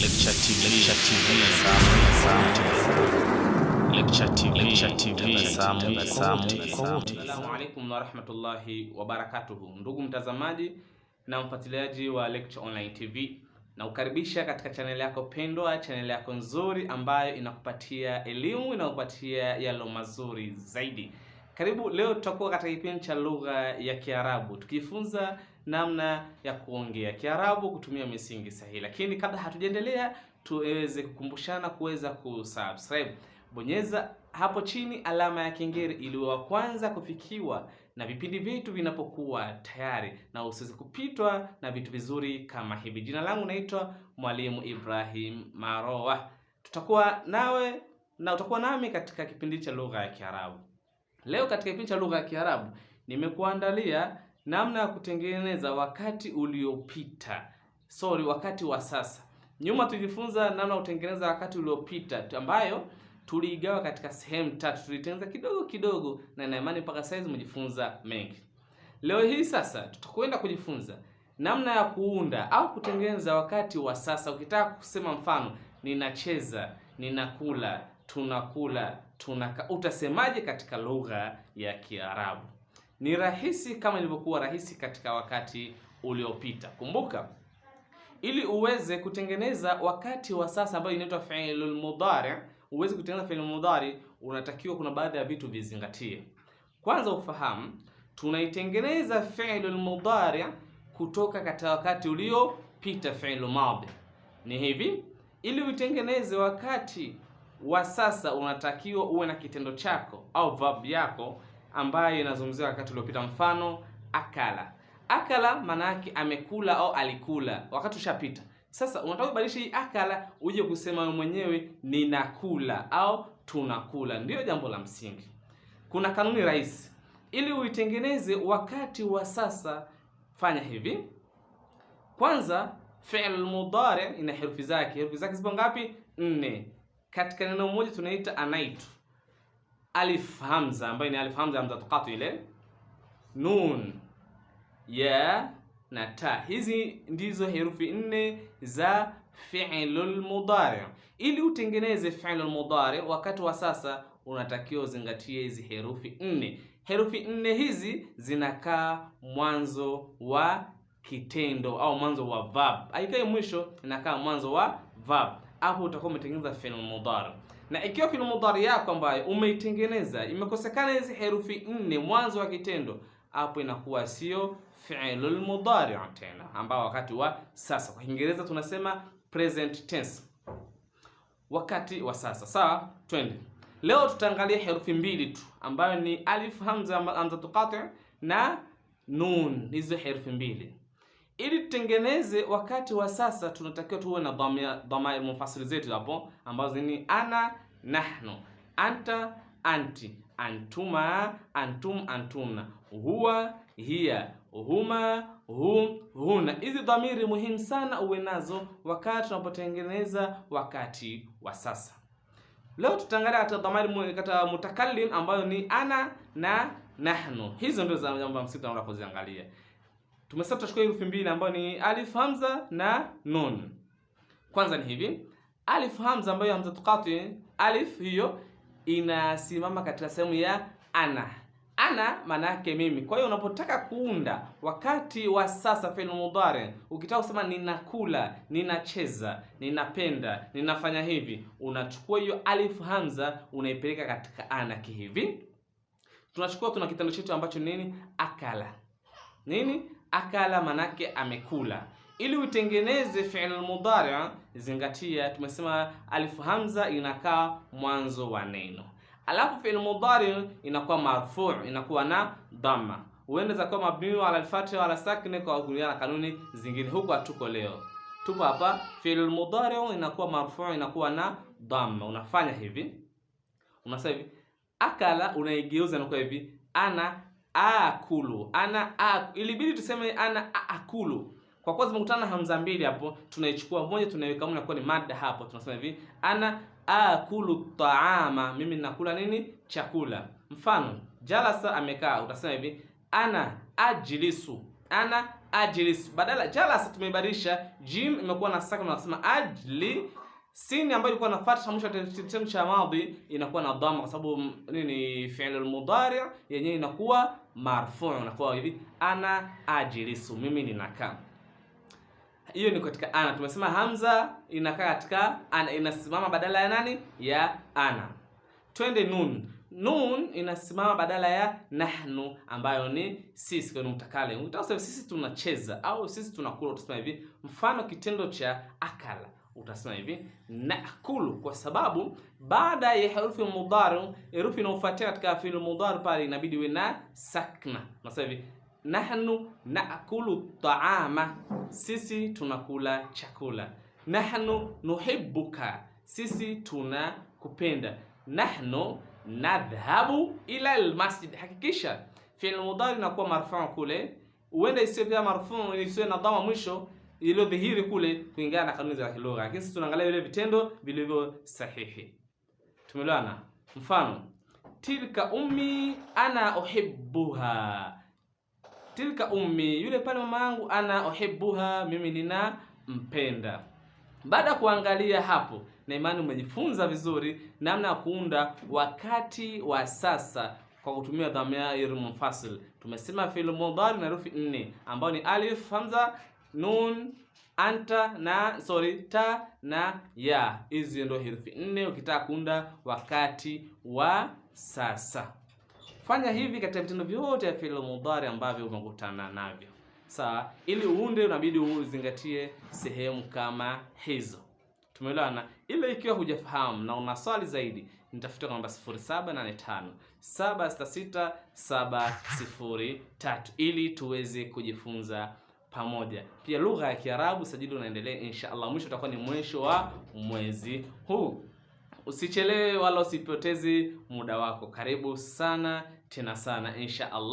Lecture TV, Lecture Assalamu ndugu mtazamaji na mfuatiliaji wa Lecture Online TV, na kukaribisha katika chaneli yako pendwa, chaneli yako nzuri ambayo inakupatia elimu, inakupatia yalo mazuri zaidi karibu. Leo tutakuwa katika kipindi cha lugha ya Kiarabu tukijifunza namna ya kuongea Kiarabu kutumia misingi sahihi, lakini kabla hatujaendelea, tuweze kukumbushana kuweza kusubscribe. Bonyeza hapo chini alama ya kengele ili wa kwanza kufikiwa na vipindi vyetu vinapokuwa tayari, na usiweze kupitwa na vitu vizuri kama hivi. Jina langu naitwa Mwalimu Ibrahim Maroa, tutakuwa nawe na utakuwa nami katika kipindi cha lugha ya Kiarabu. Leo katika kipindi cha lugha ya Kiarabu nimekuandalia namna ya kutengeneza wakati uliopita. Sorry, wakati wa sasa. Nyuma tulijifunza namna ya kutengeneza wakati uliopita ambayo tuliigawa katika sehemu tatu, tulitengeneza kidogo kidogo, na na imani mpaka saizi umejifunza mengi. Leo hii sasa tutakwenda kujifunza namna ya kuunda au kutengeneza wakati wa sasa. Ukitaka kusema mfano, ninacheza, ninakula, tunakula, tuna utasemaje katika lugha ya Kiarabu? Ni rahisi kama ilivyokuwa rahisi katika wakati uliopita. Kumbuka, ili uweze kutengeneza wakati wa sasa ambayo inaitwa fi'lul mudhari, uweze kutengeneza fi'lul mudhari, unatakiwa kuna baadhi ya vitu vizingatie. Kwanza ufahamu tunaitengeneza fi'lul mudhari kutoka katika wakati uliopita, fi'lul madhi. Ni hivi, ili uitengeneze wakati wa sasa unatakiwa uwe na kitendo chako au verb yako ambayo inazungumziwa wakati uliopita, mfano akala. Akala maana yake amekula au alikula, wakati ushapita. Sasa unataka kubadilisha hii akala uje kusema wewe mwenyewe ninakula au tunakula. Ndiyo jambo la msingi. Kuna kanuni rahisi ili uitengeneze wakati wa sasa. Fanya hivi kwanza, fi'l mudhari ina herufi zake. Herufi zake zipo ngapi? Nne katika neno moja tunaita anaitu alif hamza ambayo ni alif hamza hamza tukatu ile nun ya na ta. Hizi ndizo herufi nne za fi'lul mudari. Ili utengeneze fi'lul mudari wakati wa sasa, unatakiwa uzingatie hizi herufi nne. Herufi nne hizi zinakaa mwanzo wa kitendo au mwanzo wa verb, haikai mwisho, inakaa mwanzo wa verb hapo utakuwa umetengeneza fi'l mudhari. Na ikiwa fi'l mudhari yako ambayo umeitengeneza imekosekana hizi herufi nne mwanzo wa kitendo, hapo inakuwa sio fi'lul mudhari tena, ambao wakati wa sasa. Kwa Kiingereza tunasema present tense, wakati wa sasa. Sawa, twende. Leo tutaangalia herufi mbili tu ambayo ni alif hamza hamza tuqati na nun, hizo herufi mbili ili tutengeneze wakati wa sasa, tunatakiwa tuwe na dhamair mufasili zetu hapo ambazo ni ana, nahnu, anta, anti, antuma, antum, antumna, huwa, hiya, huma, hum, huna. Hizi dhamiri muhimu sana uwe nazo wakati tunapotengeneza wakati wa sasa. Leo tutaangalia katika dhamiri kata mutakallim ambayo ni ana na nahnu. Hizo ndio za msingi tunaenda kuziangalia. Tumesema tutachukua herufi mbili ambayo ni alif hamza na nun. Kwanza ni hivi. Alif hamza ambayo hamza tukati, alif hiyo inasimama katika sehemu ya ana. Ana maana yake mimi. Kwa hiyo unapotaka kuunda wakati wa sasa fi'l mudhari, ukitaka kusema ninakula, ninacheza, ninapenda, ninafanya hivi, unachukua hiyo alif hamza unaipeleka katika ana kihivi. Tunachukua tuna kitendo chetu ambacho nini? Akala. Nini? akala manake amekula. Ili utengeneze fi'l mudhari, zingatia, tumesema alif hamza inakaa mwanzo wa neno, alafu fi'l mudhari inakuwa marfu, inakuwa na dhamma, huenda za kuwa ala alfatha wala sakni, kwa na kanuni zingine. Huko hatuko leo, tupo hapa. Fi'l mudhari inakuwa marfu, inakuwa na dhamma. Unafanya hivi, unasema hivi, akala unaigeuza, inakuwa hivi ana akulu ana aku. Ilibidi tuseme ana akulu kwa kuwa zimekutana na hamza mbili hapo, tunaichukua moja tunaiweka moja kwa ni mada hapo. Tunasema hivi ana akulu taama, mimi nakula nini? Chakula. Mfano jalasa, amekaa, utasema hivi ana ajlisu, ana ajlisu. Badala jalasa tumeibadilisha jim, imekuwa na sakina, tunasema ajli sin ambayo ilikuwa nafuata tamsho kitendo cha madhi inakuwa na dhamma, kwa sababu mm, nini? Fi'l al mudhari yenyewe inakuwa marfu unakuwa hivi ana ajilisu, mimi ninakaa. Hiyo ni katika ana. Tumesema hamza inakaa katika ana, inasimama badala ya nani? Ya ana. Twende nun. Nun inasimama badala ya nahnu, ambayo ni sisi, kwa mtakale. Utasema sisi tunacheza au sisi tunakula, utasema hivi. Mfano kitendo cha akala utasema hivi nakulu, kwa sababu baada ya herufi mudhari, herufi inayofuatia katika fi'il mudhari pale inabidi iwe na sakna. Nasema hivi nahnu nakulu taama, sisi tunakula chakula. Nahnu nuhibbuka, sisi tunakupenda. Nahnu nadhhabu ila almasjid. Hakikisha fi'il mudhari inakuwa marfuu kule, uende isiwe pia marfuu, isiwe na dhamma mwisho dhihiri kule kulingana na kanuni za kilugha, lakini sisi tunaangalia vile vitendo vilivyo sahihi. Tumeelewana? Mfano, tilka ummi ana uhibbuha, tilka ummi, yule pale mama yangu, ana uhibbuha, mimi nina mpenda. Baada ya kuangalia hapo, na imani umejifunza vizuri namna ya kuunda wakati wa sasa kwa kutumia dhamair munfasil. Tumesema fi'l mudhari na herufi nne ambayo ni alif, hamza nun, anta na sorry, ta na ya. Hizi ndio herufi nne ukitaka kuunda wakati wa sasa. Fanya hivi katika vitendo vyote vya fi'il mudhari ambavyo umekutana navyo, sawa. Ili uunde unabidi uzingatie sehemu kama hizo. Tumeelewana? Ile ikiwa hujafahamu na una swali zaidi, nitafuta kwa namba 0785 766 703 ili tuweze kujifunza pamoja. Pia lugha ya Kiarabu sajili unaendelea insha Allah, mwisho utakuwa ni mwisho wa mwezi huu. Usichelewe wala usipotezi muda wako. Karibu sana tena sana insha Allah.